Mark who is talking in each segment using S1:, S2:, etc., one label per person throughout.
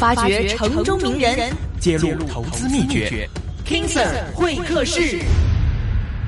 S1: 發掘城中名人，
S2: 揭露投資秘訣。
S1: King Sir 會客室。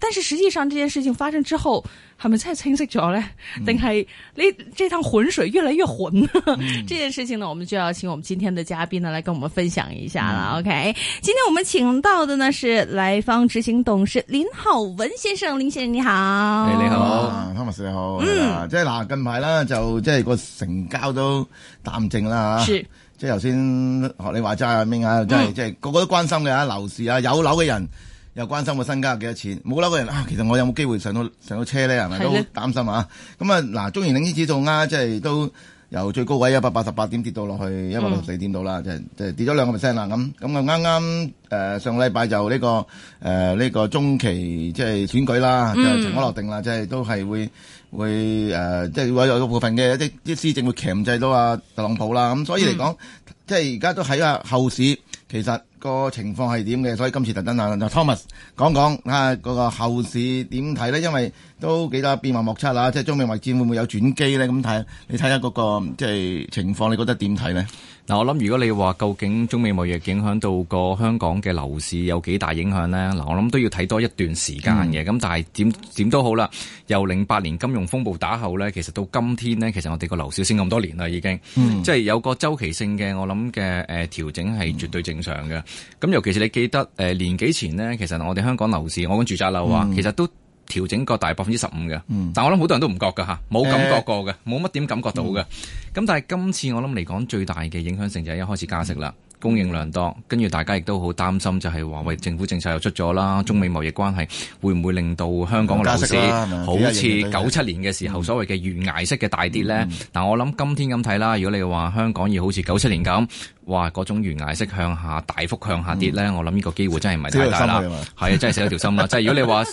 S1: 但是實際上，這件事情發生之後，係咪真係清晰咗呢？定係呢，這趟渾水越來越渾。這件事情呢，我們就要請我們今天的嘉賓呢，來跟我們分享一下啦。OK，今天我們請到的呢是萊坊執行董事林浩文先生，林先生你好。你好，
S3: 潘博士好。嗯，即係嗱近排啦，就即係個成交都淡靜啦吓。是。即係頭先學你話齋咩啊，即係即係個個都關心嘅啊樓市啊，有樓嘅人。又關心我身家幾多錢，冇樓嘅人啊，其實我有冇機會上到上到車咧？係咪都擔心啊？咁的啊，嗱，中原領先指數啊，即係都由最高位一百八十八點跌到落去一百六十四點到啦，嗯、即係即係跌咗兩個 percent 啦。咁咁啊，啱啱誒上個禮拜就呢個誒呢個中期即係選舉啦，嗯、就塵埃落定啦，即係都係會會誒、呃，即係有有部分嘅一啲啲施政會鉗制到啊特朗普啦。咁、嗯、所以嚟講，嗯、即係而家都喺啊後市其實。個情況係點嘅？所以今次特登啊，Thomas 講講嚇嗰、啊、個後市點睇呢？因為都幾多變幻莫測啊！即係中美貿戰會唔會有轉機呢？咁睇你睇下嗰個即係情況，你覺得點睇呢？嗱，我諗如果你話究
S2: 竟中美貿易影響到個香港嘅樓市有幾大影響咧？嗱，我諗都要睇多一段時間嘅。咁但係點點都好啦，由零八年金融風暴打後咧，其實到今天咧，其實我哋個樓市升咁多年啦，已經，即係有個周期性嘅，我諗嘅誒調整係絕對正常嘅。咁尤其是你記得誒、呃、年幾前咧，其實我哋香港樓市，我講住宅樓啊，其實都。調整過大百分之十五嘅，嗯、但我諗好多人都唔覺嘅嚇，冇感覺過嘅，冇乜點感覺到嘅。咁、嗯、但係今次我諗嚟講最大嘅影響性就係一開始加息啦，嗯、供應量多，跟住大家亦都好擔心，就係話為政府政策又出咗啦，嗯、中美貿易關係會唔會令到香港嘅樓市好似九七年嘅時候所謂嘅懸崖式嘅大跌呢？嗱、嗯，嗯、但我諗今天咁睇啦，如果你話香港要好似九七年咁，哇，嗰種懸崖式向下大幅向下跌呢，嗯、我諗呢個機會真係唔係太大啦。係啊，真係死咗條心啦！即係 如果你話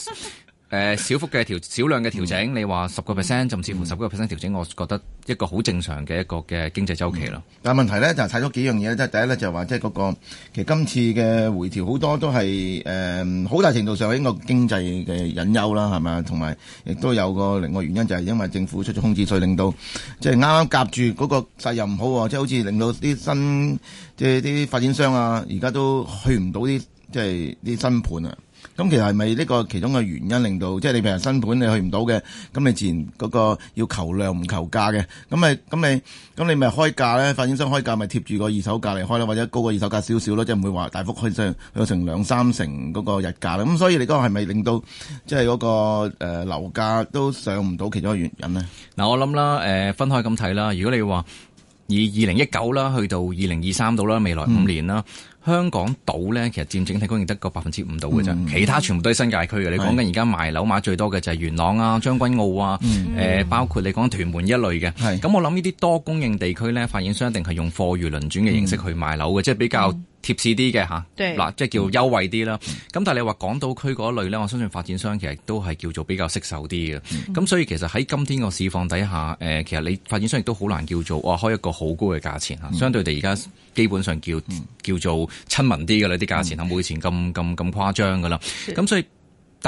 S2: 誒、呃、小幅嘅調，少量嘅調整，你話十個 percent，甚至乎十個 percent 調整，我覺得一個好正常嘅一個嘅經濟周期咯。但
S3: 係問題咧就睇、是、咗幾樣嘢，即係第一咧就係話即係嗰個其實今次嘅回調好多都係誒好大程度上應該經濟嘅隱憂啦，係咪？同埋亦都有個另外個原因就係、是、因為政府出咗空置稅，令到即係啱啱夾住嗰個責任唔好喎、啊，就是，即係好似令到啲新即係啲發展商啊，而家都去唔到啲即係啲新盤啊。咁其實係咪呢個其中嘅原因令到，即係你譬如新盤你去唔到嘅，咁你自然嗰個要求量唔求價嘅，咁咪咁你咁你咪開價咧？發展商開價咪貼住個二手價嚟開啦，或者高過二手價少少咯，即係唔會話大幅開上去成兩三成嗰個日價啦。咁所以你嗰個係咪令到即係嗰、那個誒、呃、樓價都上唔到？其中嘅原因呢？嗱，我諗啦，
S2: 誒、呃、分開咁睇啦。如果你話以二零一九啦，去到二零二三度啦，未來五年啦。嗯香港島咧，其實佔整體供應得個百分之五度嘅啫，嗯、其他全部都係新界區嘅。你講緊而家賣樓買最多嘅就係元朗啊、將軍澳啊、誒、嗯呃，包括你講屯門一類嘅。咁、嗯、我諗呢啲多供應地區咧，發展商一定係用貨如輪轉嘅形式去賣樓嘅，嗯、即係比較。貼士啲嘅嚇，嗱對即係叫優惠啲啦。咁、嗯、但係你話港島區嗰一類咧，我相信發展商其實都係叫做比較適手啲嘅。咁、嗯、所以其實喺今天個市況底下，誒、呃、其實你發展商亦都好難叫做哇開一個好高嘅價錢嚇。相對地而家基本上叫、嗯、叫做親民啲嘅呢啲價錢冇，嗯、以前咁咁咁誇張㗎啦。咁的所以。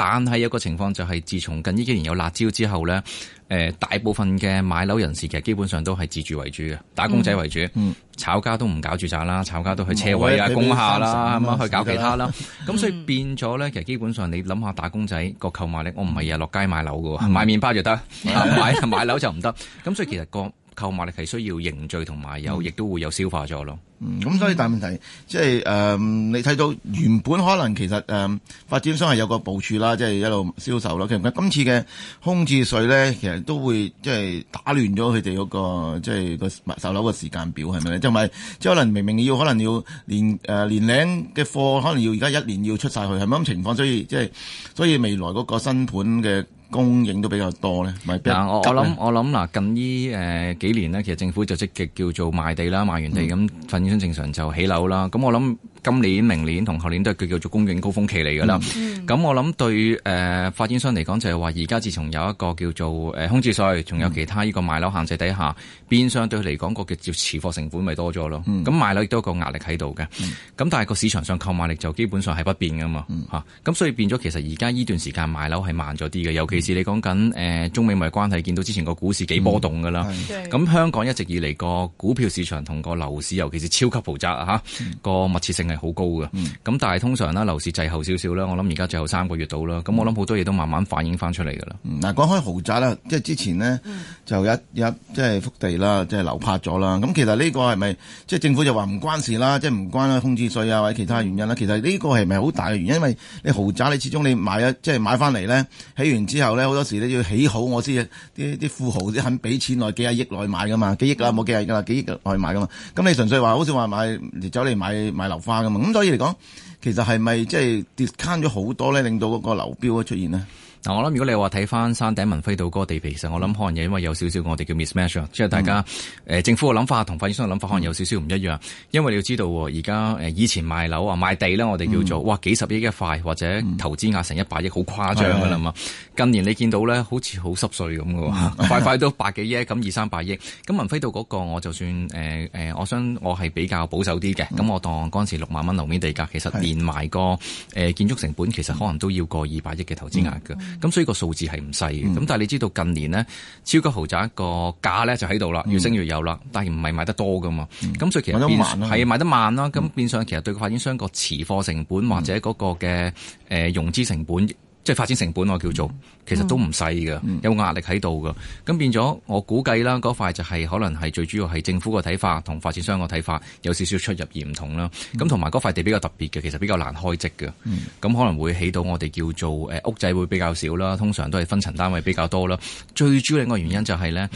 S2: 但係一個情況就係、是，自從近呢幾年有辣椒之後咧，誒、呃、大部分嘅買樓人士其實基本上都係自住為主嘅，打工仔為主，嗯嗯、炒家都唔搞住宅啦，炒家都去車位啊、工廈啦，咁啊下去搞其他啦。咁、嗯、所以變咗咧，其實基本上你諗下打工仔個購買力，我唔係日落街買樓嘅喎，嗯、買麵包就得，嗯、 買買樓就唔得。咁所以其實、那個。購買力係需要凝聚同埋有，亦都會有消化咗咯。嗯，
S3: 咁所以大問題即係誒，你睇到原本可能其實誒、呃、發展商係有個部署啦，即、就、係、是、一路銷售咯。其實今次嘅空置稅咧，其實都會即係、就是、打亂咗佢哋嗰個即係個售樓嘅時間表係咪咧？即係咪即係可能明明要可能要年誒、呃、年齡嘅貨，可能要而家一年要出晒去係咪咁情況？所以即係、就是、所以未來嗰個新盤嘅。供應都比較多咧，嗱我我諗我諗嗱近
S2: 呢誒幾年呢，其實政府就積極叫做賣地啦，賣完地咁發展商正常就起樓啦，咁我諗，今年、明年同後年都係叫叫做供應高峰期嚟㗎啦。咁、嗯、我諗對誒發展商嚟講，就係話而家自從有一個叫做誒空置稅，仲有其他呢個買樓限制底下，變相對佢嚟講個叫持貨成本咪多咗咯。咁、嗯、買樓亦都有個壓力喺度嘅。咁、嗯、但係個市場上購買力就基本上係不變㗎嘛。嚇、嗯，咁、啊、所以變咗其實而家呢段時間買樓係慢咗啲嘅，尤其是你講緊誒中美咪關係，見到之前個股市幾波動㗎啦。咁、嗯、香港一直以嚟個股票市場同個樓市，尤其是超級負責嚇，個密切性。係好高噶，咁、嗯、但係通常咧，樓市滯後少少啦。我諗而家最後三個月到啦，
S3: 咁我諗好多嘢都慢慢反映翻出嚟噶啦。嗱、嗯，講開豪宅啦，即係之前呢，就有一一即係福地啦、就是，即係流拍咗啦。咁其實呢個係咪即係政府就話唔關事啦？即係唔關空置稅啊或者其他原因啦。其實呢個係咪好大嘅原因？因為你豪宅你始終你買即係、就是、買翻嚟咧，起完之後咧，好多時你要起好我先。啲啲富豪啲肯俾錢來幾廿億內買噶嘛，幾億噶冇幾廿億噶，幾億內買噶嘛。咁你純粹話好似話買走嚟買買樓花。咁所以嚟講，其實係咪即係跌，慳咗好多咧，令到嗰個樓標出現咧？
S2: 嗱，我諗如果你話睇翻山頂文輝道嗰個地皮，其實我諗可能嘢，因為有少少我哋叫 mismatch、嗯、即係大家誒、呃、政府嘅諗法同發展商嘅諗法可能有少少唔一樣。嗯、因為你要知道，而家誒以前賣樓啊賣地咧，我哋叫做、嗯、哇幾十億一塊，或者投資額成一百億，好誇張噶啦嘛。近年你見到咧，好似好濕碎咁嘅，塊塊、嗯、 都百幾億，咁二三百億。咁文輝道嗰個我就算誒誒、呃呃，我想我係比較保守啲嘅。咁、嗯、我當嗰陣時六萬蚊樓面地價，其實連埋、個誒、呃、建築成本，其實可能都要過二百億嘅投資額嘅。嗯嗯咁所以個數字係唔細嘅，咁、嗯、但係你知道近年呢超級豪宅個價咧就喺度啦，越升越有啦，但係唔係買得多噶嘛，咁、嗯、所以其實變係買得慢啦，咁、嗯、變相其實對個發展商個持貨成本或者嗰個嘅誒融資成本。即係發展成本，我叫做其實都唔細嘅，嗯、有壓力喺度嘅。咁變咗，我估計啦，嗰塊就係可能係最主要係政府個睇法同發展商個睇法有少少出入而唔同啦。咁同埋嗰塊地比較特別嘅，其實比較難開則嘅。咁、嗯、可能會起到我哋叫做誒屋仔會比較少啦，通常都係分層單位比較多啦。最主要另一個原因就係咧，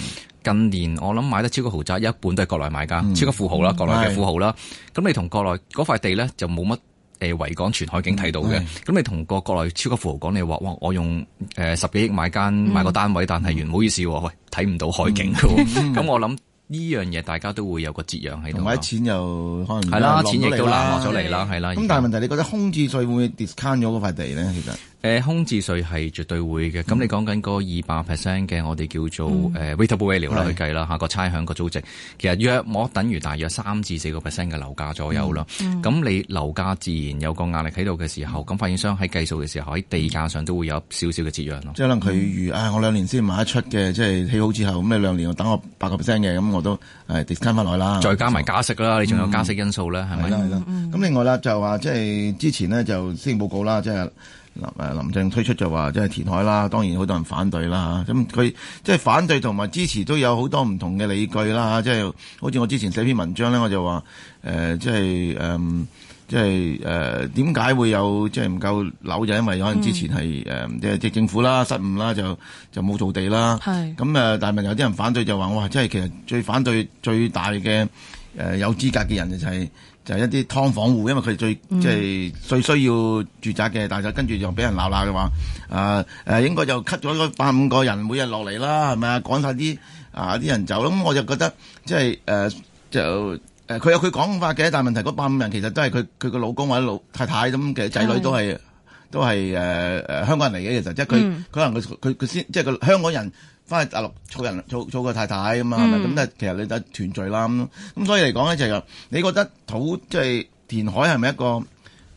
S2: 近年我諗買得超級豪宅一半都係國內買家，超級富豪啦，嗯嗯、國內嘅富豪啦。咁的你同國內嗰塊地咧就冇乜。誒，維港全海景睇到嘅，咁是你同個國內超級富豪講，你話哇，我用誒、呃、十幾億買間買個單位，但係原唔、嗯、好意思，喂、呃，睇唔到海景嘅，咁我諗呢樣嘢大家都會有個折讓喺度。同埋啲錢又可能係啦，錢亦都難落咗嚟啦，係啦。咁但係
S3: 問題，你覺得空置稅會唔會 discount 咗塊地咧？其實？
S2: 誒空置稅係絕對會嘅。咁你講緊嗰二百 percent 嘅，我哋叫做誒 rateable value 去計啦，嚇個差餉個租值，其實約莫等於大約三至四個 percent 嘅樓價左右啦。咁你樓價自然有個壓力喺度嘅時候，咁發展商喺計數嘅時候喺地價上都會有少少嘅節約咯。即
S3: 係可能佢預啊，我兩年先賣得出嘅，即係起好之後咁，你兩年我等我八個 percent 嘅，咁我都誒 discount 翻落嚟啦。再加埋加
S2: 息啦，你仲有加息因素啦，
S3: 係咪？咁另外啦，就話即係之前呢，就施政報告啦，即係。林誒林鄭推出就話即係填海啦，當然好多人反對啦嚇。咁、嗯、佢即係反對同埋支持都有好多唔同嘅理據啦。即係好似我之前寫篇文章咧，我就話誒、呃、即係誒、呃、即係誒點解會有即係唔夠樓，就因為可能之前係誒、嗯呃、即係即政府啦失誤啦，就就冇做地啦。咁誒係、嗯，但係有啲人反對就話哇，即係其實最反對最大嘅誒、呃、有資格嘅人就係、是。就係一啲劏房戶，因為佢最即係、就是、最需要住宅嘅，但係跟住又俾人鬧鬧嘅話，誒、呃、誒、呃、應該就 cut 咗嗰百五個人每日落嚟啦，係咪啊，趕曬啲啊啲人走咁、嗯？我就覺得即係誒就誒佢、呃、有佢講法嘅，但係問題嗰百五人其實都係佢佢個老公或者老太太咁嘅仔女都係是都係誒誒香港人嚟嘅，其實即係佢佢可能佢佢佢先即係個香港人。翻去大陸湊人湊湊個太太咁啊，咁、嗯、但係其實你都係團聚啦，咁咁所以嚟講咧，就係、是、你覺得土即係填海係咪一個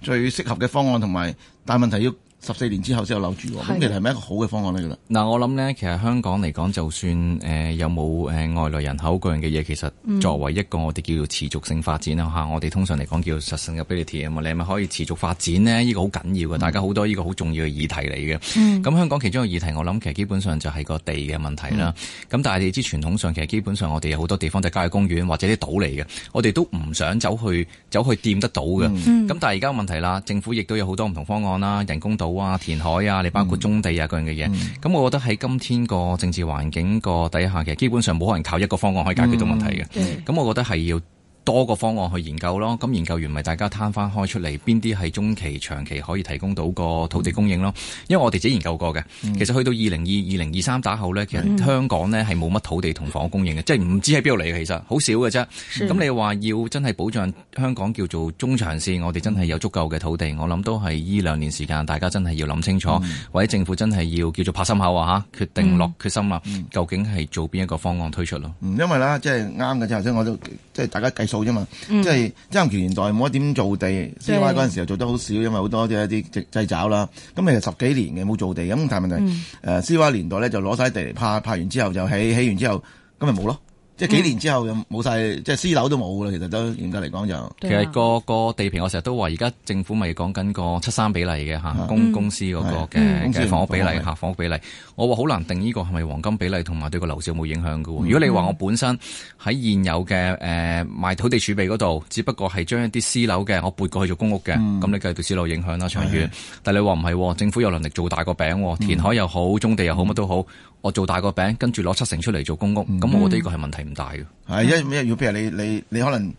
S3: 最適合嘅方案？同埋但係問題要。十四年之後先有樓住，咁你係咪一個好嘅方案呢？嗱的， 我諗咧，其實香港
S2: 嚟講，就算誒有冇誒外來人口各樣嘅嘢，其實作為一個我哋叫做持續性發展啊嚇，嗯、我哋通常嚟講叫做實質嘅 ability 你係咪可以持續發展呢？呢、呢個好緊要嘅，大家好多呢個好重要嘅議題嚟嘅。咁、嗯、香港其中嘅議題，我諗其實基本上就係個地嘅問題啦。咁、嗯、但係你知傳統上其實基本上我哋有好多地方就係郊野公園或者啲島嚟嘅，我哋都唔想走去走去掂得到嘅。咁、嗯嗯、但係而家問題啦，政府亦都有好多唔同方案啦，人工島。哇！填海啊，你包括棕地啊、嗯、各樣嘅嘢，咁、嗯、我覺得喺今天個政治環境個底下嘅，其實基本上冇可能靠一個方案可以解決到問題嘅。咁、嗯嗯、我覺得係要。多個方案去研究咯，咁研究完咪大家攤翻開出嚟，邊啲係中期、長期可以提供到個土地供應咯？因為我哋自己研究過嘅，嗯、其實去到二零二二零二三打後咧，其實香港咧係冇乜土地同房屋供應嘅，即係唔知喺邊度嚟嘅，其實好少嘅啫。咁是你話要真係保障香港叫做中長線，我哋真係有足夠嘅土地，我諗都係依兩年時間，大家真係要諗清楚，嗯、或者政府真係要叫做拍心口啊吓，決定落決心啦，嗯、究竟係做邊一個方案推
S3: 出咯？嗯、因為咧即係啱嘅啫，即係我都即係大家計數。啫嘛，嗯、即係，曾蔭權年代冇一點做地，C Y 嗰陣時又做得好少，因為好多啲一啲掣肘啦。咁其實十幾年嘅冇做地，咁但係問題，誒？C Y 年代咧，就攞晒地嚟拍，拍完之後就起，起完之後咁咪冇咯。即係幾年之後又冇晒，即係私樓都冇噶啦。其實都嚴格嚟講就其實個
S2: 個地皮，我成日都話，而家政府咪講緊個七三比例嘅嚇公公司嗰個嘅嘅房屋比例嚇房屋比例，我話好難定呢個係咪黃金比例，同埋對個樓市冇影響噶喎。如果你話我本身喺現有嘅誒賣土地儲備嗰度，只不過係將一啲私樓嘅我撥過去做公屋嘅，咁你繼續對私樓影響啦長遠。但係你話唔係喎，政府有能力做大個餅，填海又好，種地又好，乜都好，我做大個餅，跟住攞七成出嚟做公屋，咁我覺得呢個係
S3: 問題。唔大嘅，係因為要譬如你你你可能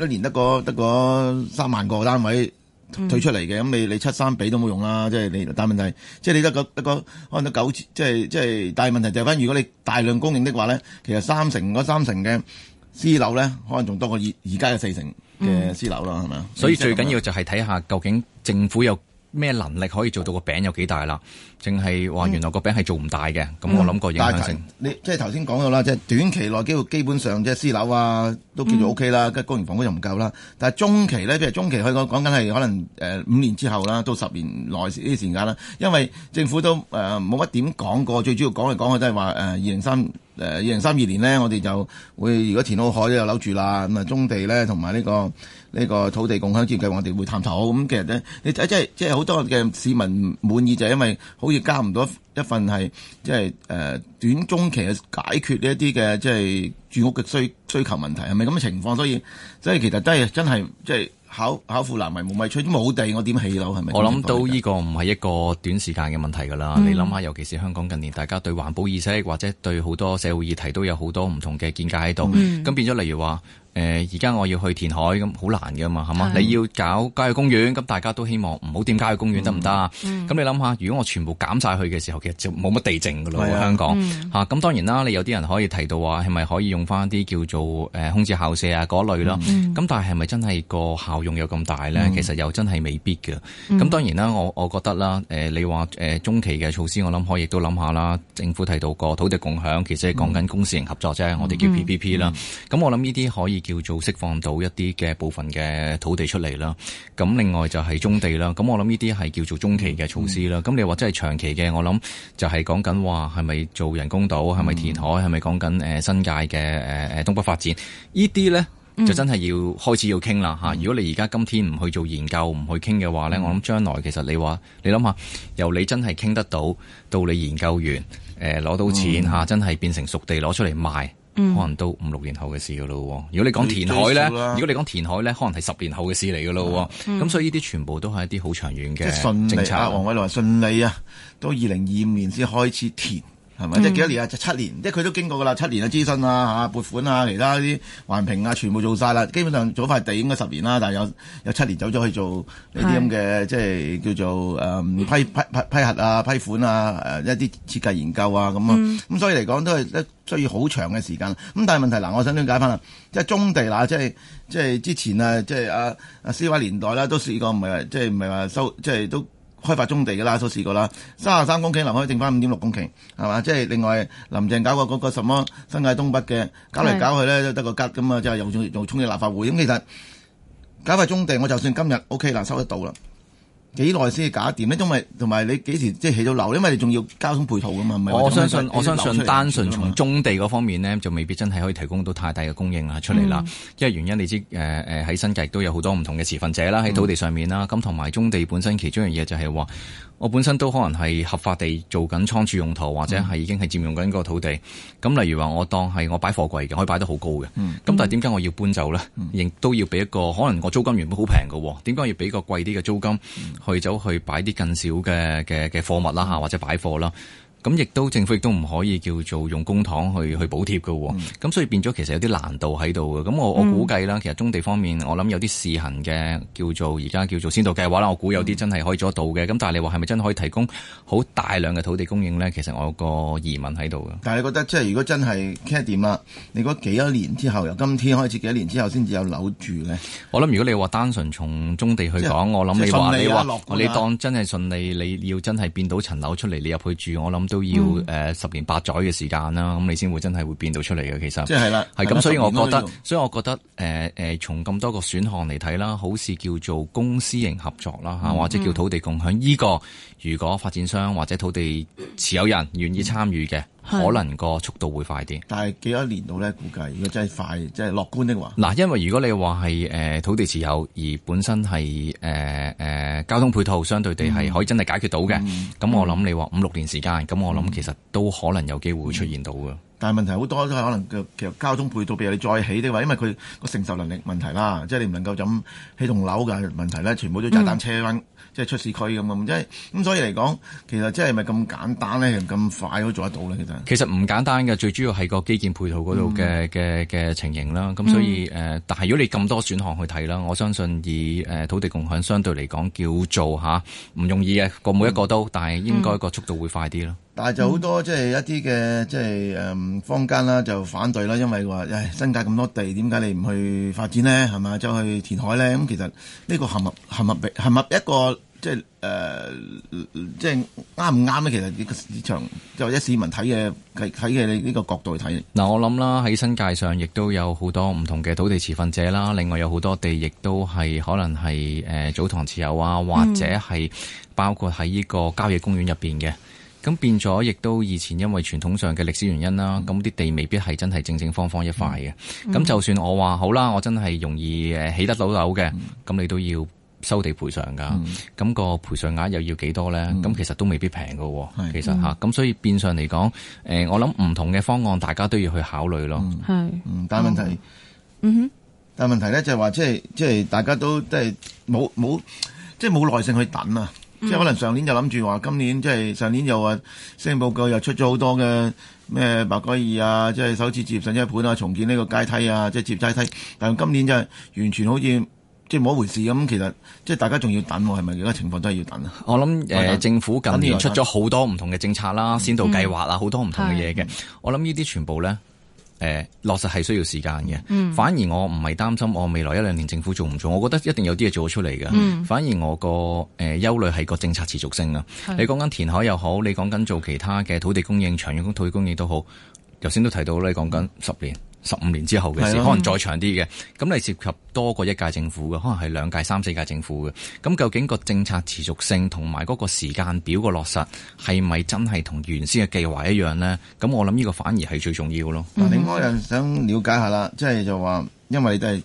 S3: 一年得個得個三萬個單位退出嚟嘅，咁、嗯、你你七三比都冇用啦，即、就、係、是、你但係問題，即係你得個得個可能得九即係即係，但、就、係、是就是、問題就係翻，如果你大量供應的話咧，其實三成嗰三成嘅私樓咧，可能仲多過而而家嘅四成嘅私樓咯，係嘛、嗯？吧所以最緊要
S2: 就係睇下究竟政府有。咩能力可以做到個餅有幾大啦？淨係話原來個餅係做唔大嘅，咁、嗯、我諗過影響性、嗯
S3: 是是。你即係頭先講到啦，即係短期內，幾乎基本上即係私樓啊，都叫做 O K 啦。跟公營房屋就唔夠啦。但係中期咧，即係中期，佢講講緊係可能誒五年之後啦，到十年內呢啲時間啦。因為政府都誒冇乜點講過，最主要講嚟講去都係話誒二零三誒二零三二年呢，我哋就會如果填好海都有樓住啦。咁啊，棕地咧同埋呢個。呢個土地共享之計，我哋會探討咁、嗯。其實咧，你睇即即即好多嘅市民滿意就係因為好似加唔到一份係即係誒、呃、短中期嘅解決呢一啲嘅即係住屋嘅需需求問題，係咪咁嘅情況？所以所以其實都係真係即係。巧巧婦難為無米炊，冇地我點起樓係咪？我諗到呢
S2: 個唔係一個短時間嘅問題㗎啦。嗯、你諗下，尤其是香港近年，大家對環保意識或者對好多社會議題都有好多唔同嘅見解喺度。咁、嗯、變咗，例如話誒，而、呃、家我要去填海咁好難㗎嘛，係嘛？是 你要搞郊野公園，咁大家都希望唔好掂郊野公園得唔得啊？咁你諗下，如果我全部減晒去嘅時候，其實就冇乜地剩㗎啦。是啊、香港嚇咁、嗯啊、當然啦，你有啲人可以提到話，係咪可以用翻啲叫做誒空置校舍啊嗰類啦？咁、嗯、但係係咪真係個校？用有咁大呢，嗯、其實又真係未必嘅。咁、嗯、當然啦，我我覺得啦，誒、呃、你話誒、呃、中期嘅措施，我諗可以都諗下啦。政府提到過土地共享，其實係講緊公私營合作啫，嗯、我哋叫 PPP 啦、嗯。咁、嗯、我諗呢啲可以叫做釋放到一啲嘅部分嘅土地出嚟啦。咁另外就係棕地啦。咁我諗呢啲係叫做中期嘅措施啦。咁、嗯、你話真係長期嘅，我諗就係講緊話係咪做人工島，係咪填海，係咪講緊誒新界嘅誒誒東北發展？呢啲呢。嗯就真係要開始要傾啦嚇！嗯、如果你而家今天唔去做研究，唔去傾嘅話咧，嗯、我諗將來其實你話你諗下，由你真係傾得到到你研究完，誒、呃、攞到錢嚇、嗯啊，真係變成熟地攞出嚟賣，嗯、可能都五六年後嘅事噶咯。如果你講填海咧，如果你講填海咧，可能係十年後
S3: 嘅事嚟噶咯。咁、嗯嗯、所以呢啲全部都係一啲好長遠嘅政策。王偉來順利啊，到二零二五年先開始填。係咪、嗯、即係幾多年啊？即係七年，即係佢都經過噶啦。七年嘅諮詢啊、嚇撥款啊、其他啲環評啊，全部做晒啦。基本上早咗塊地應該十年啦，但係有有七年走咗去做呢啲咁嘅，是即係叫做誒、呃、批批批批核啊、批款啊、誒、呃、一啲設計研究啊咁啊。咁、嗯、所以嚟講都係需要好長嘅時間。咁但係問題嗱，我想解翻啦，即係中地嗱，即係即係之前啊，即係阿阿 CY 年代啦，都試過唔係即係唔係話收，即係都。開發中地嘅啦，都試過啦，三十三公頃林可以剩翻五點六公頃，係嘛？即係另外林鄭搞個嗰個什麼新界東北嘅，搞嚟搞去咧都得個吉咁啊！即係又再又衝起立法會咁，其實搞發中地我就算今日 O K 能收得到啦。幾耐先搞掂咧？因為同埋你幾時即係起到樓咧？因為你仲要交通配套㗎嘛，係咪？我相信者我相信單純從
S2: 棕地嗰方面咧， 就未必真係可以提供到太大嘅供應啦出嚟啦。嗯、因為原因你知誒誒喺新界都有好多唔同嘅持份者啦，喺土地上面啦，咁同埋棕地本身其中一樣嘢就係話。我本身都可能係合法地做緊倉儲用途，或者係已經係佔用緊個土地。咁例如話，我當係我擺貨櫃嘅，我可以擺得好高嘅。咁、嗯、但係點解我要搬走咧？亦、嗯、都要俾一個可能我租金原本好平嘅，點解我要俾個貴啲嘅租金去走去擺啲更少嘅嘅嘅貨物啦吓，或者擺貨啦？咁亦都政府亦都唔可以叫做用公帑去去補貼嘅咁、哦嗯、所以變咗其實有啲難度喺度嘅。咁我我估計啦，其實棕地方面我諗有啲試行嘅叫做而家叫做先導計劃啦，我估有啲真係可以做得到嘅。咁、嗯、但係你話係咪真係可以提供好大量嘅土地供應咧？其實我有個疑問喺度嘅。
S3: 但係你覺得即係如果真係，點啊？你講幾多年之後由今天開始幾多年之後先至有樓住咧？
S2: 我諗如果你話單純從棕地去講，我諗你話你話你當真係順利，你要真係變到層樓出嚟，你入去住，我諗。是都要誒十年八載嘅時間啦，咁你先會真係會變到出嚟嘅。其實即係啦，係咁，的的所以我覺得，所以我覺得，誒、呃、誒，從、呃、咁多個選項嚟睇啦，好似叫做公司營合作啦，吓、嗯、或者叫土地共享依、這個。如果發展商或者土地持有人願意參與嘅，嗯、可能個速度會快啲。但
S3: 係幾多年度咧？估計如果真係快，即係樂觀的話。
S2: 嗱，因為如果你話係誒土地持有而本身係誒誒交通配套，相對地係可以真係解決到嘅。咁、嗯、我諗你話五六年時間，咁我諗其實都可能有機會出現到嘅。
S3: 但係問題好多都係可能其實交通配套，譬如你再起的話，因為佢個承受能力問題啦，即係你唔能夠咁起棟樓嘅問題咧，全部都踩單車返，嗯、即係出市區咁嘅，即係咁所以嚟講，其實即係咪咁簡單咧？咁快都做得到咧，其實
S2: 其實唔簡單嘅，最主要係個基建配套嗰度嘅嘅嘅情形啦。咁所以誒、嗯呃，但係如果你咁多選項去睇啦，我相信以誒土地共享相對嚟講叫做吓唔、啊、容易嘅個每一個都，嗯、但係應該個速度會快啲咯。嗯嗯
S3: 但係就好多即係一啲嘅即係誒坊間啦，就反對啦，因為話誒新界咁多地，點解你唔去發展呢？係咪？就去填海呢？咁、嗯、其實呢個合唔合，合合合合一個即係誒、呃、即係啱唔啱呢？其實呢個市場或者、是、市民睇嘅睇嘅呢個角度去睇。嗱、嗯，我諗
S2: 啦，喺新界上亦都有好多唔同嘅土地持份者啦，另外有好多地亦都係可能係誒、呃、祖堂持有啊，或者係包括喺呢個郊野公園入邊嘅。咁變咗，亦都以前因為傳統上嘅歷史原因啦，咁啲地未必係真係正正方方一塊嘅。咁就算我話好啦，我真係容易誒起得到樓嘅，咁你都要收地賠償噶。咁個賠償額又要幾多咧？咁其實都未必平㗎。其實吓，咁所以變相嚟講，誒，我諗唔同嘅方案，大家都要去考慮
S3: 咯。係。但係問題，哼，但係問題咧就係話，即係即係大家都都係冇冇，即係冇耐性去等啊。嗯、即係可能上年就諗住話，今年即係上年又話，施政報告又出咗好多嘅咩白居二啊，即係首次接上一盤啊，重建呢個階梯啊，即係接階梯。但係今年就係完全好似即係冇一回事咁。其實即係大家仲要等，係咪而家情況都係要等啊？
S2: 我諗誒，政府近年出咗好多唔同嘅政策啦、嗯、先導計劃啦，好、嗯、多唔同嘅嘢嘅。對我諗呢啲全部咧。誒，落實係需要時間嘅，嗯、反而我唔係擔心我未來一兩年政府做唔做，我覺得一定有啲嘢做得出嚟嘅。嗯、反而我個誒憂慮係個政策持續性啊。的你講緊填海又好，你講緊做其他嘅土地供應、長遠工土地供應都好。頭先都提到你講緊十年。十五年之後嘅事，的可能再長啲嘅，咁、嗯、你涉及多過一屆政府嘅，可能係兩屆、三四屆政府嘅，咁究竟個政策持續性同埋嗰個時間表嘅落實，係咪真係同原先嘅計劃一樣呢？咁我諗呢個反而係最重要咯。另外、嗯、
S3: 又想了解下啦，即係就話、是，因為都係、就是。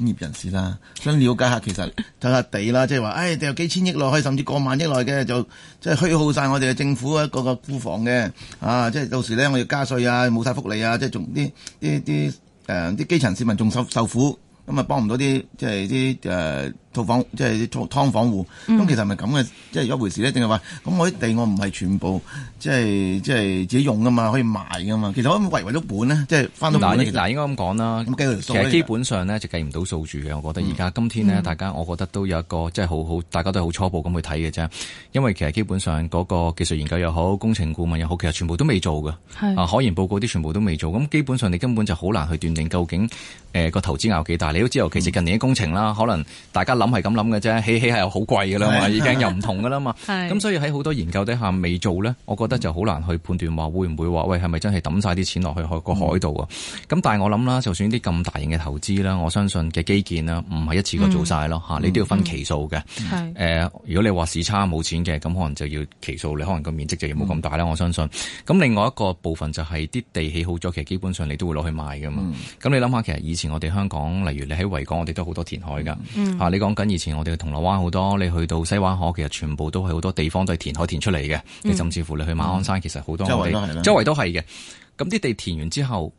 S3: 專業人士啦，想了解下其實睇下地啦，即係話，誒，掉幾千億內，可以甚至過萬億內嘅，就即係虛耗晒我哋嘅政府啊，嗰個庫房嘅，啊，即係到時咧，我要加稅啊，冇晒福利啊，即係仲啲啲啲誒，啲、呃、基層市民仲受受苦，咁啊，幫唔到啲即係啲誒。套房即係劏劏房戶，咁其實係咪咁嘅，嗯、即係一回事咧？定係話咁我啲地我唔係全部即係即係自己用噶嘛，可以賣噶嘛？其實我為為咗本呢，即係翻到嗱嗱應
S2: 該咁講啦。咁基
S3: 本上呢，就計唔到數住嘅，我覺得而家今天呢，嗯、大家
S2: 我覺得都有一個即係好好，大家都係好初步咁去睇嘅啫。因為其實基本上嗰個技術研究又好，工程顧問又好，其實全部都未做嘅。啊是，可研報告啲全部都未做，咁基本上你根本就好難去斷定究竟誒個、呃、投資額幾大。你都知道，其實近年嘅工程啦，可能大家諗係咁諗嘅啫，起起係好貴噶啦嘛，已經又唔同噶啦嘛。咁 是、嗯、所以喺好多研究底下未做咧，我覺得就好難去判斷話會唔會話，喂，係咪真係抌晒啲錢落去海個海度啊？咁、嗯、但係我諗啦，就算啲咁大型嘅投資啦，我相信嘅基建啦，唔係一次過做晒咯吓，你都要分期數嘅。誒、嗯呃，如果你話市差冇錢嘅，咁可能就要期數，你可能個面積就要冇咁大啦，我相信。咁、啊、另外一個部分就係啲地起好咗，其實基本上你都會攞去賣噶嘛。咁、嗯、你諗下，其實以前我哋香港，例如你喺維港，我哋都好多填海噶吓、啊，你講。跟以前我哋嘅銅鑼灣好多，你去到西灣河，其實全部都係好多地方都係填海填出嚟嘅。你、嗯、甚至乎你去馬鞍山，嗯、其實好多我哋周圍都係嘅。咁啲地填完之後，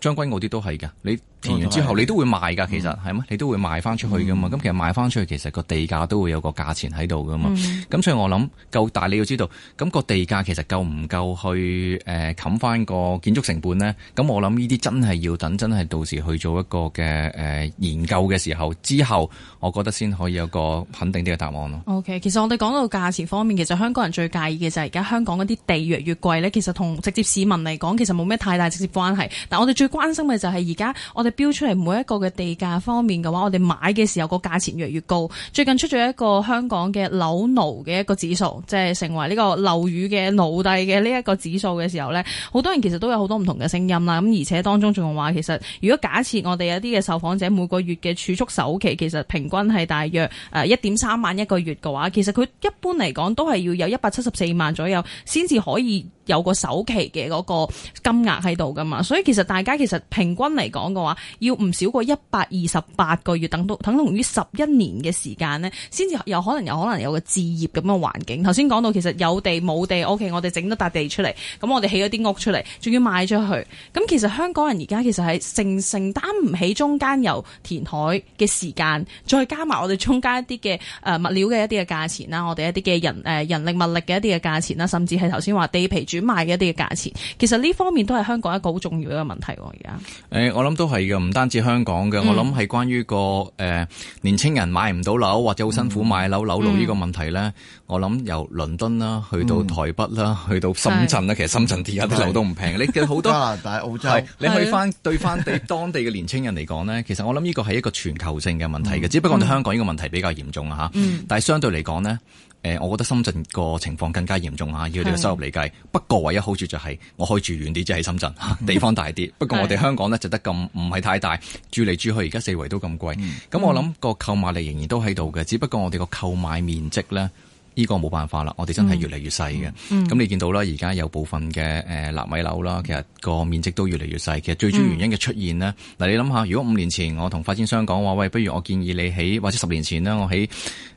S2: 將軍澳啲都係㗎。你填完之後，你都會賣㗎，其實係咩？你都會賣翻出去㗎嘛？咁、嗯、其實賣翻出去，其實個地價都會有個價錢喺度㗎嘛。咁、嗯、所以我諗夠大，你要知道，咁個地價其實夠唔夠去誒冚翻個建築成本呢。咁我諗呢啲真係要等真係到時去做一個嘅誒、呃、研究嘅時候之後，我覺得先可以有個肯定啲嘅答案咯。
S1: OK，其實我哋講到價錢方面，其實香港人最介意嘅就係而家香港嗰啲地越嚟越貴呢。其實同直接市民嚟講，其實冇咩太大直接關係。但我哋最關心嘅就係而家我哋。標出嚟每一個嘅地價方面嘅話，我哋買嘅時候個價錢越嚟越高。最近出咗一個香港嘅樓奴嘅一個指數，即係成為呢個樓宇嘅奴隸嘅呢一個指數嘅時候咧，好多人其實都有好多唔同嘅聲音啦。咁而且當中仲話，其實如果假設我哋有啲嘅受訪者每個月嘅儲蓄首期，其實平均係大約誒一點三萬一個月嘅話，其實佢一般嚟講都係要有一百七十四萬左右，先至可以。有個首期嘅嗰個金額喺度噶嘛，所以其實大家其實平均嚟講嘅話，要唔少過一百二十八個月，等到等同於十一年嘅時間呢先至有可能有可能有個置業咁嘅環境。頭先講到其實有地冇地，O.K. 我哋整咗笪地出嚟，咁我哋起咗啲屋出嚟，仲要賣出去，咁其實香港人而家其實係承承擔唔起中間由填海嘅時間，再加埋我哋中間一啲嘅誒物料嘅一啲嘅價錢啦，我哋一啲嘅人誒人力物力嘅一啲嘅價錢啦，甚至係頭先話地皮轉賣一啲嘅價錢，其實呢方面都係香港一個好重要嘅問題。而
S2: 家，誒，我諗都係嘅，唔單止香港嘅，我諗係關於個誒，年青人買唔到樓或者好辛苦買樓，樓奴呢個問題咧。我諗由倫敦啦，去到台北啦，去到深圳啦，其實深圳啲嘅樓都唔平。你嘅好多加拿大、澳洲，你去翻對翻地當地嘅年青人嚟講咧，其實我諗呢個係一個全球性嘅問題嘅，只不過我哋香港呢個問題比較嚴重啊吓。但係相對嚟講咧。誒，我覺得深圳個情況更加嚴重吓，以佢哋收入嚟計。是不過唯一好處就係我可以住遠啲，即、就、係、是、深圳， 地方大啲。不過我哋香港咧就得咁，唔係是太大，住嚟住去而家四圍都咁貴。咁、嗯、我諗個購買力仍然都喺度嘅，只不過我哋個購買面積呢。呢個冇辦法啦，我哋真係越嚟越細嘅。咁、嗯嗯、你見到啦，而家有部分嘅誒納米樓啦，其實個面積都越嚟越細。其實最主要原因嘅出現呢，嗱、嗯、你諗下，如果五年前我同發展商講話，喂，不如我建議你喺或者十年前呢，我喺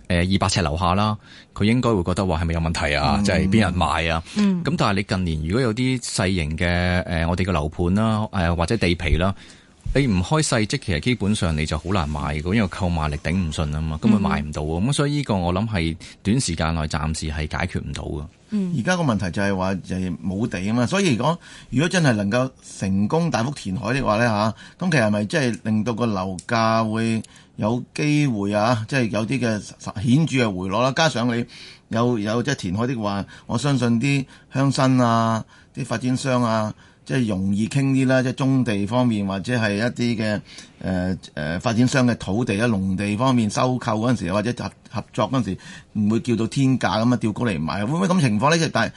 S2: 誒二百尺樓下啦，佢應該會覺得話係咪有問題啊？即係邊人買啊？咁、嗯嗯、但係你近年如果有啲細型嘅誒、呃、我哋嘅樓盤啦，誒、呃、或者地皮啦。你唔開細積，即其實基本上你就好難賣嘅，因為購買力頂唔順啊嘛，根本賣唔到咁、嗯、所以呢個我諗係短時間內暫時係解決唔到嘅。嗯，
S3: 而家個問題就係話就冇、是、地啊嘛，所以如果如果真係能夠成功大幅填海的話咧吓，咁、啊、其實係咪即係令到個樓價會有機會啊？即、就、係、是、有啲嘅顯著嘅回落啦。加上你有有即係填海的話，我相信啲鄉紳啊、啲發展商啊。即係容易傾啲啦，即係棕地方面或者係一啲嘅誒誒發展商嘅土地啊、農地方面收購嗰陣時，或者合合作嗰陣時，唔會叫到天價咁啊，吊高嚟賣會唔會咁情況呢？即係但係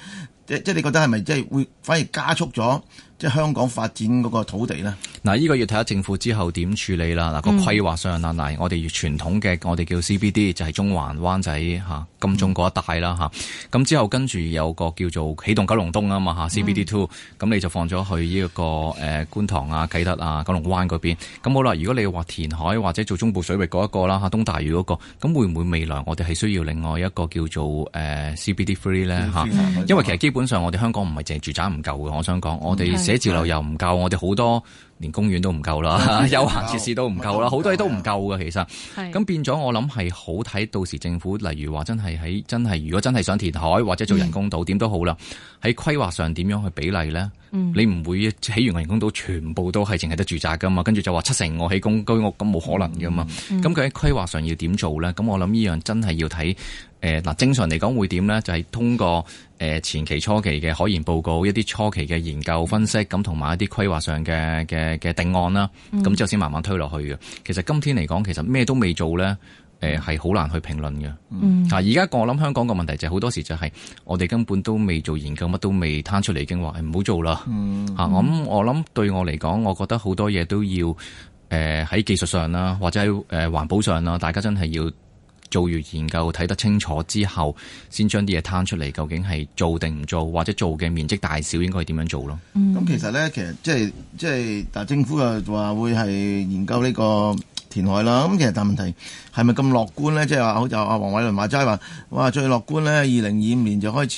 S3: 即即係你覺得係咪即係會反而加速咗即係香港發展嗰個土地呢？
S2: 嗱，呢個要睇下政府之後點處理啦。嗱、那，個規劃上啦，嗱、嗯，我哋傳統嘅我哋叫 CBD 就係中環灣仔嚇。啊金鐘嗰一帶啦嚇，咁、啊、之後跟住有個叫做起動九龍東啊嘛嚇，CBD Two，咁你就放咗去呢、這、一個誒、呃、觀塘啊、啟德啊、九龍灣嗰邊。咁好啦，如果你話填海或者做中部水域嗰一個啦嚇、啊，東大嶼嗰、那個，咁會唔會未來我哋係需要另外一個叫做誒、呃、CBD Three 咧嚇？因為其實基本上我哋香港唔係淨係住宅唔夠嘅，我想講我哋寫字樓又唔夠，我哋好、mm hmm. 多。連公園都唔夠啦，休閒設施都唔夠啦，好多嘢都唔夠嘅其實。咁是的 變咗，我諗係好睇到時政府，例如話真係喺真係，如果真係想填海或者做人工島，點都好啦。喺規劃上點樣去比例呢？嗯、你唔會起完人工島，全部都係淨係得住宅噶嘛？跟住就話七成我起公居屋，咁冇可能噶嘛？咁佢喺規劃上要點做呢？咁我諗依樣真係要睇。誒嗱，正常嚟講會點咧？就係、是、通過誒前期、初期嘅可研報告、一啲初期嘅研究分析，咁同埋一啲規劃上嘅嘅嘅定案啦，咁之、嗯、後先慢慢推落去嘅。其實今天嚟講，其實咩都未做咧，誒係好難去評論嘅。嗱、嗯，而家我諗香港個問題就係、是、好多時就係我哋根本都未做研究，乜都未攤出嚟，已經話唔好做啦。嗯，咁、啊、我諗對我嚟講，我覺得好多嘢都要誒喺、呃、技術上啦，或者喺誒環保上啦，大家真係要。做完研究睇得清楚之後，先將啲嘢攤出嚟，究竟係做定唔做，或者做嘅面積大小應該係點樣做咯？
S3: 咁、嗯嗯、其實咧，其實即係即係，但政府又話會係研究呢個填海啦。咁其實但問題係咪咁樂觀咧？即係話好似阿黃偉倫話齋話，哇最樂觀咧，二零二五年就開始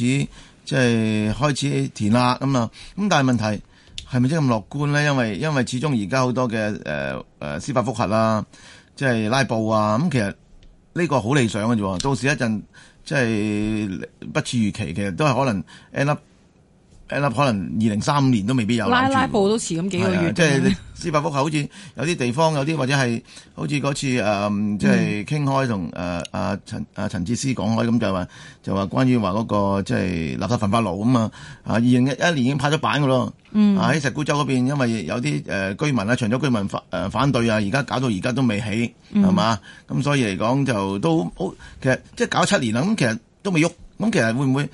S3: 即係、就是、開始填啦咁啊。咁但係問題係咪真係咁樂觀咧？因為因為始終而家好多嘅誒誒司法覆核啦、啊，即係拉布啊。咁其實。呢個好理想嘅啫，到時一陣即係不似預期，其實都係可能 end up。可能二零三年都未必有拉拉
S1: 布都遲咁幾個月。即係
S3: 司法覆核，就是、好似有啲地方，有啲或者係，好似嗰次誒，即係傾開同誒阿陳阿陳志思講開，咁就話就話關於話嗰個即係、就是、垃圾焚化爐啊嘛。啊，二零一一年已經拍咗板噶咯。嗯、啊，喺石鼓洲嗰邊，因為有啲誒、呃、居民咧，長洲居民反誒反對啊，而家搞到而家都未起，係嘛、嗯？咁、嗯、所以嚟講就都好，其實即係搞七年啦，咁其實都未喐，咁其實會唔會？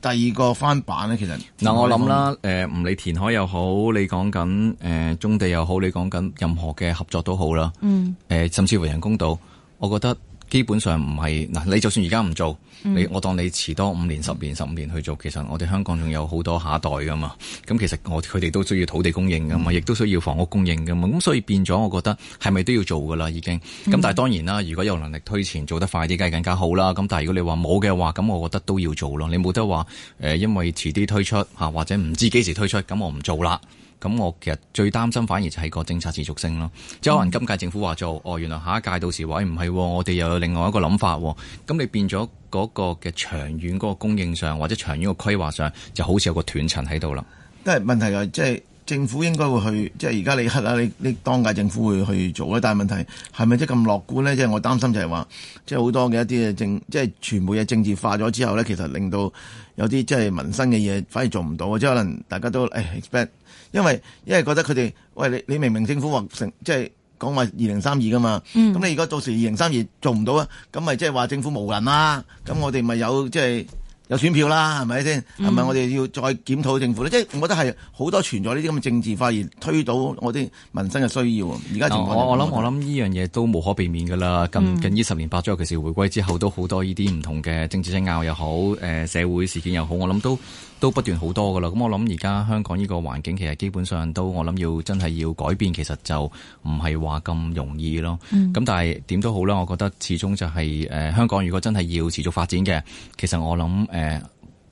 S3: 第二個翻版咧，其實嗱，我諗啦，
S2: 誒，唔理填海又好，你講緊誒，中地又好，你講緊任何嘅合作都好啦，嗯，誒、呃，甚至乎人公道，我覺得。基本上唔係嗱，你就算而家唔做，你、嗯、我當你遲多五年、十年、十五年去做，其實我哋香港仲有好多下一代噶嘛。咁其實我佢哋都需要土地供應噶嘛，亦都需要房屋供應噶嘛。咁所以變咗，我覺得係咪都要做噶啦？已經咁，但係當然啦。如果有能力推前做得快啲，梗係更加好啦。咁但係如果你話冇嘅話，咁我覺得都要做咯。你冇得話誒，因為遲啲推出吓，或者唔知幾時推出，咁我唔做啦。咁我其實最擔心，反而就係個政策持續性咯。即係可能今屆政府話做，哦，原來下一屆到時話唔係，我哋又有另外一個諗法、哦。咁、嗯、你變咗嗰個嘅長遠嗰個供應上，或者長遠嘅規劃上，就好似有個斷層喺度啦。
S3: 都係問題係，即係政府應該會去，即係而家你黑啦，你你當屆政府會去做啦。但係問題係咪即係咁樂觀咧？即係我擔心就係話，即係好多嘅一啲嘅政，即係全部嘅政治化咗之後咧，其實令到有啲即係民生嘅嘢反而做唔到。即係可能大家都誒 expect 因為因為覺得佢哋，喂你你明明政府話成即係講話二零三二噶嘛，咁、嗯、你如果到時二零三二做唔到啊，咁咪即係話政府無能啦，咁、嗯、我哋咪有即係有選票啦，係咪先？係咪我哋要再檢討政府咧？嗯、即係我覺得係好多存在呢啲咁嘅政治化而推倒我啲民生嘅需要。而家、呃、我我諗我諗
S2: 呢樣嘢都無可避免噶啦。近、嗯、近呢十年八載，其實回歸之後，歸之後都好多呢啲唔同嘅政治爭拗又好，誒社會事件又好，我諗都。都不斷好多噶啦，咁我諗而家香港呢個環境，其實基本上都我諗要真係要改變，其實就唔係話咁容易咯。咁、嗯、但係點都好啦，我覺得始終就係、是、誒、呃、香港如果真係要持續發展嘅，其實我諗誒、呃、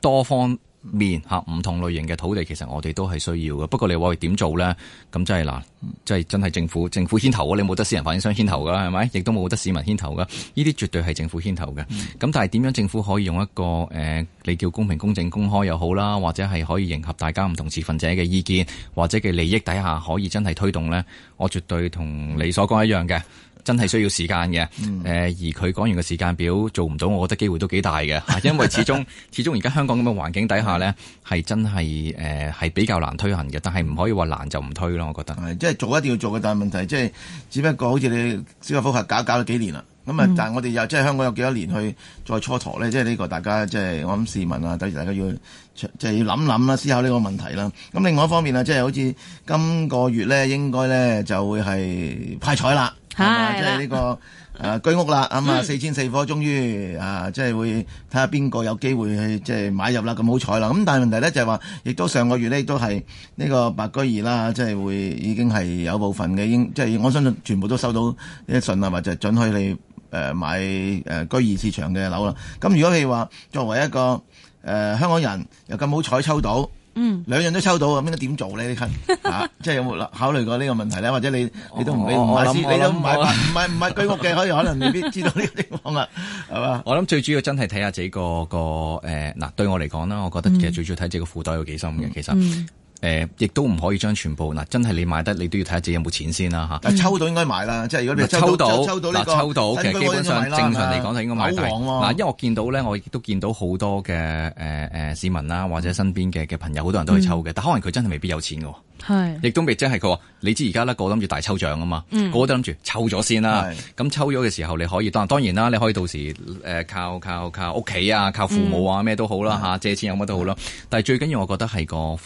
S2: 多方面嚇唔、啊、同類型嘅土地，其實我哋都係需要嘅。不過你話點做呢？咁真係嗱、啊，真係真係政府政府牽頭啊！你冇得私人發展商牽頭噶，係咪？亦都冇得市民牽頭噶。呢啲絕對係政府牽頭嘅。咁、嗯、但係點樣政府可以用一個誒、呃，你叫公平、公正、公開又好啦，或者係可以迎合大家唔同持份者嘅意見，或者嘅利益底下，可以真係推動呢？我絕對同你所講一樣嘅。真係需要時間嘅，誒、嗯，而佢講完個時間表做唔到，我覺得機會都幾大嘅，因為始終 始終而家香港咁嘅環境底下咧，係、嗯、真係誒係比較難推行嘅，但係唔可以話難就唔推咯，我覺
S3: 得。係即係做一定要做嘅，但係問題即、就、係、是、只不過好似你司法覆核搞搞咗幾年啦，咁啊、嗯，但係我哋又即係香港有幾多年去再蹉跎咧？即係呢個大家即係我諗市民啊，等於大家要即係、就是、要諗諗啦，思考呢個問題啦。咁另外一方面啊，即係好似今個月咧，應該咧就會係派彩啦。啊，即係呢個誒居屋啦，咁啊四千四科終於啊，即係會睇下邊個有機會去即係買入啦，咁好彩啦。咁但係問題咧就係、是、話，亦都上個月咧都係呢個白居二啦，即係會已經係有部分嘅，已經即係我相信全部都收到呢一信啊，或者准許你誒、呃、買誒、呃、居二市場嘅樓啦。咁如果你如話作為一個誒、呃、香港人又咁好彩抽到。嗯，兩樣都抽到，咁應該點做咧呢？你、 啊，即係有冇考慮過呢個問題咧？或者你你都唔你唔買你都唔係唔係唔係居屋嘅， 可以可能未必知道呢個地
S2: 方啊，係嘛 吧？我諗最主要真係睇下自己個個誒，嗱對我嚟講啦，我覺得其實最主要睇自己個褲袋有幾深嘅，嗯、其實。嗯誒、呃，亦都唔可以將全部嗱，真係你買得，你都要睇下自己有冇錢先啦吓。啊、抽
S3: 到應該買啦，嗯、即係如果你抽到，抽到，抽到呢、這個，啊、基本上應該應該正常嚟講就應該買。好旺喎、嗱、啊，
S2: 因為我見到咧，我亦都見到好多嘅誒誒市民啦，或者身邊嘅嘅朋友，好多人都去抽嘅，嗯、但可能佢真係未必有錢嘅。係，是亦都未即係佢話，你知而家咧個諗住大抽獎啊嘛，個、嗯、都諗住抽咗先啦。咁是抽咗嘅時候，你可以當當然啦，你可以到時誒靠靠靠屋企啊，靠父母啊咩都好啦吓，嗯、借錢有乜都好啦。是但係最緊要我覺得係、個誒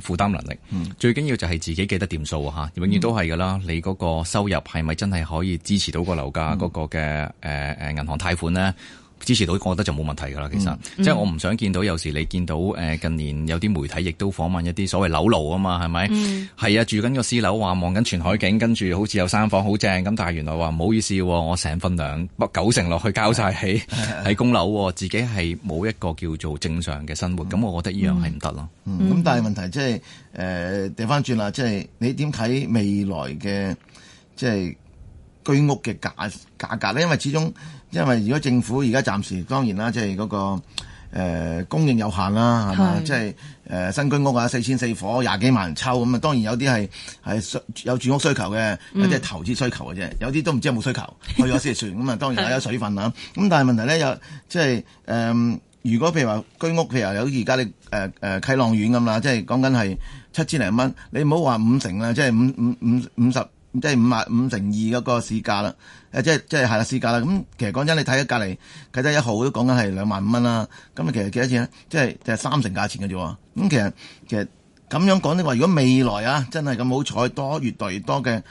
S2: 負擔能力，嗯、最緊要就係自己記得掂數啊吓，永遠都係噶啦。你嗰個收入係咪真係可以支持到個樓價嗰個嘅誒誒銀行貸款咧？支持到，我覺得就冇問題㗎啦。其實、嗯，嗯、即係我唔想見到有時你見到誒近年有啲媒體亦都訪問一啲所謂樓奴啊嘛，係咪？係、嗯、啊，住緊個私樓話望緊全海景，跟住好似有三房好正咁，但係原來話唔好意思喎，我成分糧九成落去交晒喺喺供樓，自己係冇一個叫做正常嘅生活。
S3: 咁、嗯、我覺得呢樣係唔得咯。咁但係問題即係誒掉返轉啦，即、呃、係、就是、你點睇未來嘅即係居屋嘅價價格咧？因為始終。因為如果政府而家暫時當然啦，即係嗰個、呃、供應有限啦，係嘛？是即係誒、呃、新居屋啊，四千四伙，廿幾萬人抽咁啊，當然有啲係係有住屋需求嘅，嗯、有啲係投資需求嘅啫。有啲都唔知有冇需求去咗先算咁啊，當然 有水分啦。咁但係問題咧，有即係誒、呃，如果譬如話居屋譬如有而家啲誒誒啟浪苑咁啦，即係講緊係七千零蚊，你唔好話五成啦，即係五五五五十。即係五萬五成二嗰個市價啦，誒即係即係係啦，市價啦。咁其實講真，你睇下隔籬，睇得一號都講緊係兩萬五蚊啦。咁你其實幾多錢咧？即係就係三成價錢嘅啫喎。咁其實其實咁樣講的話，如果未來啊，真係咁好彩，多越來越多嘅。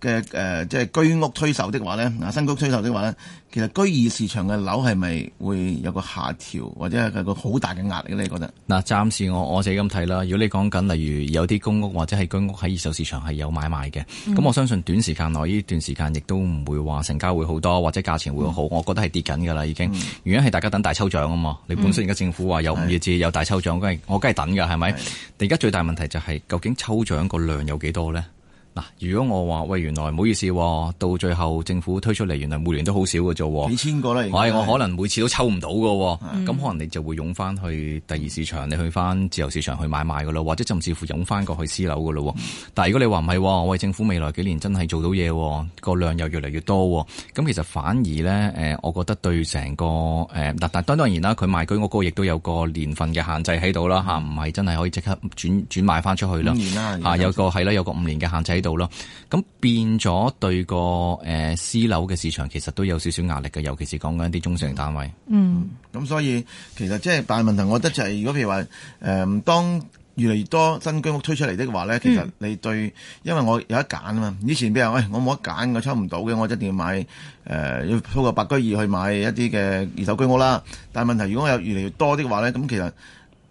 S3: 嘅誒、呃，即係居屋推售的話咧，嗱、啊、新居推售的話咧，其實居二市場嘅樓係咪會有個下調，或者係個好大嘅壓力咧？你覺得？
S2: 嗱、呃，暫時我我自己咁睇啦。如果你講緊例如有啲公屋或者係居屋喺二手市場係有買賣嘅，咁、嗯、我相信短時間內呢段時間亦都唔會話成交會好多，或者價錢會好。嗯、我覺得係跌緊㗎啦，已經。嗯、原因係大家等大抽獎啊嘛。你本身而家政府話有五月至有大抽獎，梗係我梗係等㗎，係咪？而家最大問題就係究竟抽獎個量有幾多咧？嗱，如果我話喂，原來唔好意思喎，到最後政府推出嚟，原來每年都好少嘅啫，幾
S3: 千個啦。我可能
S2: 每次都抽唔到嘅，咁、嗯、可能你就會湧翻去第二市場，你去翻自由市場去買賣嘅咯，或者甚至乎湧翻過去私樓嘅咯。但係如果你話唔係，喂，政府未來幾年真係做到嘢，個量又越嚟越多，咁其實反而咧，誒，我覺得對成個誒，嗱，但當當然啦，佢賣居屋嗰個亦都有個年份嘅限制喺度啦，吓、啊，唔係真係可以即刻轉轉賣翻出去啦。五年啦，有個係啦，有個五年嘅限制。度咯，咁變咗對個誒、呃、私樓嘅市場其實都有少少壓力
S3: 嘅，尤其是講緊一啲中小型單位。嗯，咁、嗯、所以其實即係大問題，我覺得就係、是、如果譬如話誒、呃，當越嚟越多新居屋推出嚟的話呢，其實你對，因為我有得揀啊嘛。以前譬如話，喂、哎，我冇得揀，我抽唔到嘅，我一定要買誒、呃，要透過白居易去買一啲嘅二手居屋啦。但係問題，如果有越嚟越多的話呢，咁其實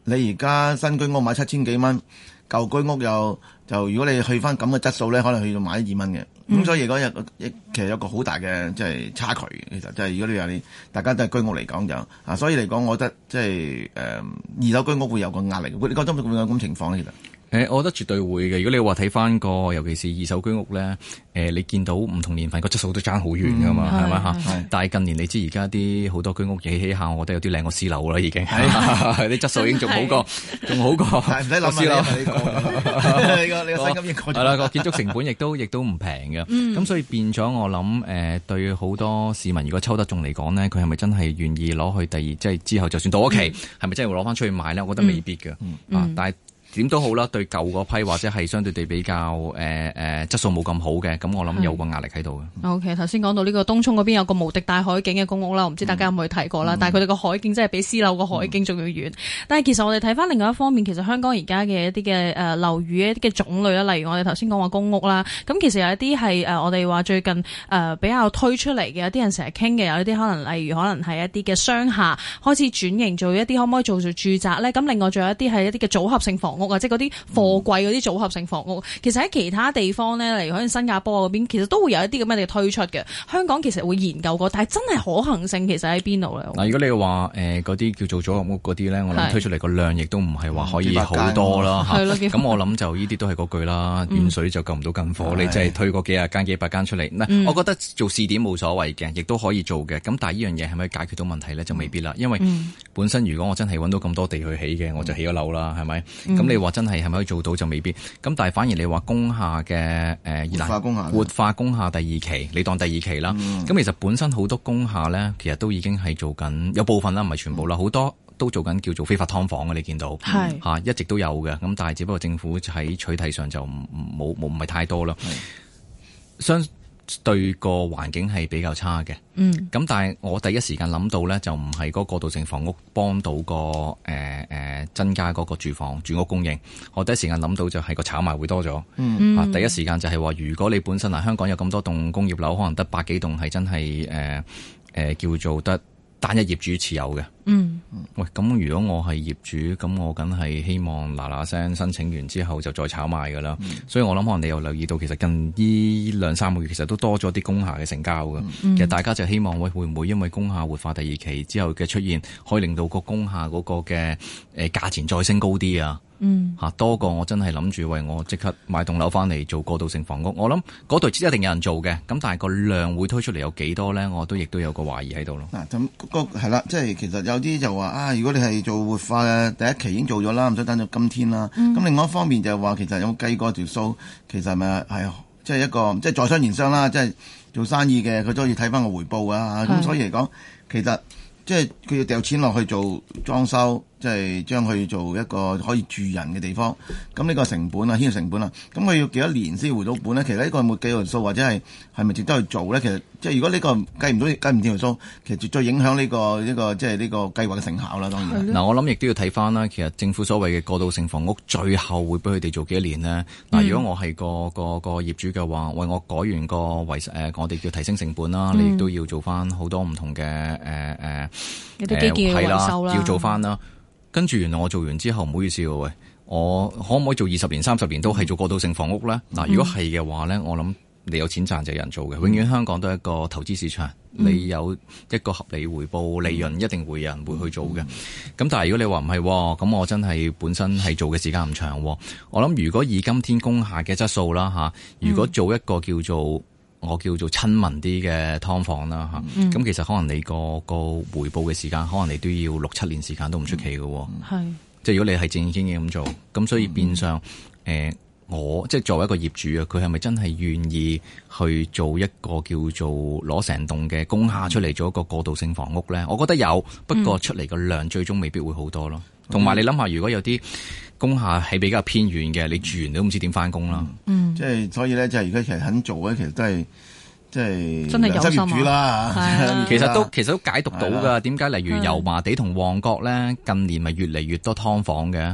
S3: 你而家新居屋買七千幾蚊，舊居屋又。就如果你去翻咁嘅質素咧，可能去到萬一二蚊嘅。咁、mm. 嗯、所以嗰日其實有個好大嘅即係差距，其實即係如果你話你大家都係居屋嚟講就啊，所以嚟講，我覺得即係誒二手居屋會有個壓力，你覺得會唔會有咁情況咧？其實？
S2: 誒，我覺得絕對會嘅。如果你話睇翻個，尤其是二手居屋咧，誒，你見到唔同年份個質素都爭好遠噶嘛，係咪？吓？但係近年你知，而家啲好多居屋起起下，我覺得有啲靚過私樓啦，已經。啲質素已經仲好過，仲好過。唔使諗啦，呢個呢個呢個新概念。係啦，個建築成本亦都亦都唔平嘅。咁所以變咗，我諗誒，對好多市民如果抽得中嚟講呢，佢係咪真係願意攞去第二，即係之後就算到屋企，係咪真係會攞翻出去賣咧？我覺得未必噶。啊，但係。點都好啦，對舊嗰批或者係相對地比較誒誒質素冇咁好嘅，咁我諗有個壓力喺度
S1: 嘅。OK，頭先講到呢個東涌嗰邊有個無敵大海景嘅公屋啦，我唔知大家有冇去睇過啦，嗯、但係佢哋個海景真係比私樓個海景仲要遠。嗯、但係其實我哋睇翻另外一方面，其實香港而家嘅一啲嘅誒樓宇一啲嘅種類啦，例如我哋頭先講話公屋啦，咁其實有一啲係誒我哋話最近誒比較推出嚟嘅一啲人成日傾嘅，有一啲可能例如可能係一啲嘅商廈開始轉型做一啲可唔可以做做住宅咧？咁另外仲有一啲係一啲嘅組合性房。屋啊，即嗰啲貨櫃嗰啲組合性房屋，其實喺其他地方咧，例如好似新加坡嗰邊，其實都會有一啲咁樣嘅推出嘅。香港其實會研究過，但係真係可行性其實喺邊度咧？
S2: 嗱，如果你話誒嗰啲叫做組合屋嗰啲咧，是我諗推出嚟個量亦都唔係話可以好多啦。咁我諗就呢啲都係嗰句啦，嗯、遠水就救唔到近火，的你就係推過幾廿間幾百間出嚟。嗯、我覺得做試點冇所謂嘅，亦都可以做嘅。咁但係呢樣嘢係咪解決到問題咧？就未必啦。因為本身如果我真係揾到咁多地去起嘅，我就起咗樓啦，係咪？咁、嗯你話真係係咪可以做到就未必。咁，但係反而你話工廈嘅誒熱活化工廈，活化工廈第二期，你當第二期啦。咁、嗯、其實本身好多工廈咧，其實都已經係做緊，有部分啦，唔係全部啦，好、嗯、多都做緊叫做非法劏房嘅，你見到係嚇、嗯啊、一直都有嘅。咁但係只不過政府喺取締上就冇冇唔係太多啦。是相對個環境係比較差嘅，咁、嗯、但係我第一時間諗到咧，就唔係嗰個過渡性房屋幫到個誒誒、呃、增加嗰個住房住屋供應。我第一時間諗到就係個炒賣會多咗。啊、嗯，第一時間就係話，如果你本身嗱香港有咁多棟工業樓，可能得百幾棟係真係誒誒叫做得單一業主持有嘅。嗯，喂，咁如果我係業主，咁我梗係希望嗱嗱聲申請完之後就再炒賣噶啦。嗯、所以我諗可能你又留意到，其實近依兩三個月，其實都多咗啲工廈嘅成交嘅。嗯、其實大家就希望喂會唔會因為工廈活化第二期之後嘅出現，可以令到個工廈嗰個嘅誒價錢再升高啲啊？吓、嗯、多過我真係諗住為我即刻買棟樓翻嚟做過渡性房屋。我諗嗰度一定有人做嘅，咁但係個量會推出嚟有幾多咧？我都亦都有個懷
S3: 疑喺度咯。嗱、嗯、咁、那個係啦，即係其實有。啲就話啊，如果你係做活化第一期已經做咗啦，唔使等到今天啦。咁、嗯、另外一方面就係話，其實有冇計過條數？其實咪係即係一個即係、就是就是、在商言商啦，即、就、係、是、做生意嘅佢都可以睇翻個回報啊。咁是所以嚟講，其實即係佢要掉錢落去做裝修，即係將佢做一個可以住人嘅地方，咁、這、呢個成本啊、牽涉成本啊，咁佢要幾多年先回到本咧？其實呢個冇計條數，或者係係咪值得去做咧？其實即係如果呢個計唔到、計唔掂條數，其實最影響呢、這個呢、這個即係呢個計劃嘅成效啦。當然嗱的，我
S2: 諗亦都要睇翻啦。其實政府所謂嘅過渡性房屋，最後會俾佢哋做幾多年呢？嗱，如果我係個、嗯、個個業主嘅話，為我改完個維誒、呃，我哋叫提升成本啦，嗯、你亦都要做翻好多唔同嘅誒誒係要做翻啦。呃呃跟住原來我做完之後唔好意思喎，喂，我可唔可以做二十年、三十年都係做過渡性房屋呢？嗱，如果係嘅話呢，我諗你有錢賺就有人做嘅，永遠香港都係一個投資市場，你有一個合理回報利潤，一定會有人會去做嘅。咁但係如果你話唔係，咁我真係本身係做嘅時間唔長。我諗如果以今天攻下嘅質素啦吓，如果做一個叫做，我叫做親民啲嘅劏房啦嚇，咁、嗯、其實可能你個個回報嘅時間，可能你都要六七年時間都唔出奇嘅喎。嗯、即係如果你係正經嘅咁做，咁所以變相誒、呃、我即係作為一個業主啊，佢係咪真係願意去做一個叫做攞成棟嘅公廈出嚟做一個過渡性房屋咧？我覺得有，不過出嚟嘅量最終未必會好多咯。同埋、嗯、你諗下，如果有啲。工廈係比較偏遠嘅，你住完都唔知點翻工啦。
S3: 即係所以咧，就係如果其實肯做咧，其實真係即係真係有心啊。係，其實都
S2: 其實都解讀到噶。點解例如油麻地同旺角咧，近年咪越嚟越多劏房嘅？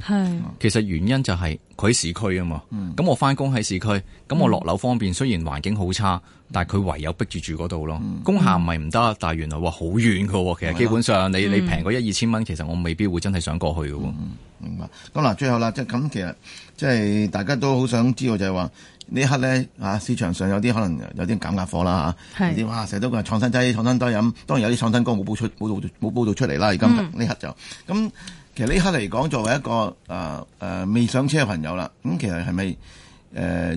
S2: 其實原因就係佢喺市區啊嘛。嗯，咁我翻工喺市區，咁我落樓方便。雖然環境好差，但係佢唯有逼住住嗰度咯。工廈唔係唔得，但係原來話好遠噶。其實基本上你你平過一二千蚊，其實我未必會真係想過去噶。
S3: 明白，咁嗱，最後啦，即係咁，其實即係大家都好想知道就係話呢刻咧，吓市場上有啲可能有啲減壓貨啦，吓是，啲哇成日都講係創新低、創新多咁，當然有啲創新高冇報出、冇冇報道出嚟啦。而今呢刻就，咁、嗯、其實呢刻嚟講作為一個誒誒、呃、未上車嘅朋友啦，咁其實係咪誒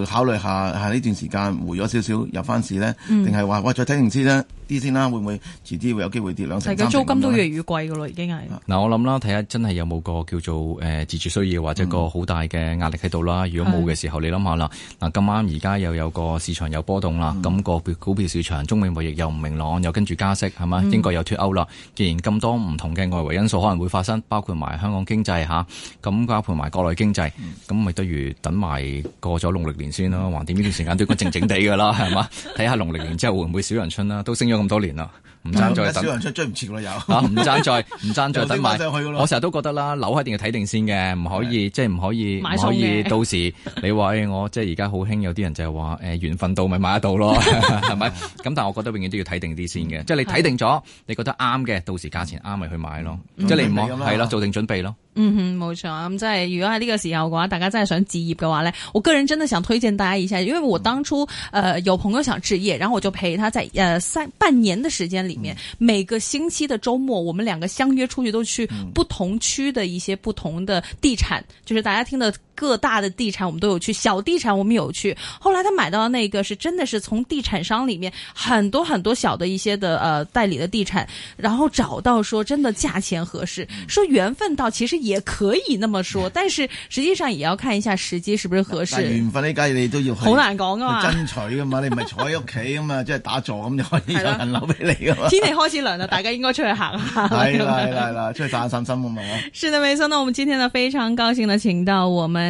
S3: 要考慮下下呢段時間回咗少少入翻市咧，定係話哇再睇唔知咧？啲先啦，會唔會遲啲會有機會跌兩成，成？係，個租金都越嚟
S1: 越貴噶咯，已經係。
S3: 嗱、嗯，我諗啦，睇下真係有冇個叫
S2: 做誒自住需要或者個好大嘅壓力喺度啦。如果冇嘅時候，的你諗下啦，嗱咁啱而家又有個市場有波動啦，咁、嗯、個股票市場中美貿易又唔明朗，又跟住加息係嘛？嗯、英國又脫歐啦，既然咁多唔同嘅外圍因素可能會發生，包括埋香港經濟吓，咁包括埋國內經濟，咁咪不如等埋過咗農曆年先咯。橫掂呢段時間都應該靜靜地噶啦，係嘛？睇下 農曆年之後會唔會小陽春啦，都升咗。咁多年啦。嗯唔爭再
S3: 等，唔切咯，唔爭在唔爭在等買。我成
S2: 日都覺得啦，樓一定要睇定先嘅，唔可以即係唔可以唔可以到時你話我即係而家好興有啲人就係話誒，緣分到咪買得到咯，係咪？咁但係我覺得永遠都要睇定啲先嘅，即係你睇定咗，你覺得啱嘅，到時價錢啱咪去買咯，即係你唔好係咯，做定準備咯。嗯
S1: 哼，冇錯，咁即係如果喺呢個時候嘅話，大家真係想置業嘅話咧，我個人真係想推薦大家一下，因為我當初誒，有朋友想置業，然後我就陪佢喺誒三半年嘅時間。裏面、嗯、每個星期的周末，我們兩個相約出去，都去不同區的一些不同的地產，就是大家聽的。各大的地產我們都有去，小地產我們有去。後來他買到的那個是真的是從地產商裏面很多很多小的一些的，呃，代理的地產，然後找到說真的價錢合適，說緣分到其實也可以那麼說，但是實際上也要看一下時機是不是合適。緣
S3: 分呢，假如你都要好難講啊嘛，爭取噶嘛，你唔係坐喺屋企啊嘛，即係 打坐咁就可以有人留俾你噶嘛。天氣
S1: 開始涼啦，大家應該出去行下。係啦係啦係
S3: 啦，出去散散心咁啊。
S1: 是的，沒錯。那我們今天呢非常高興的請到我們。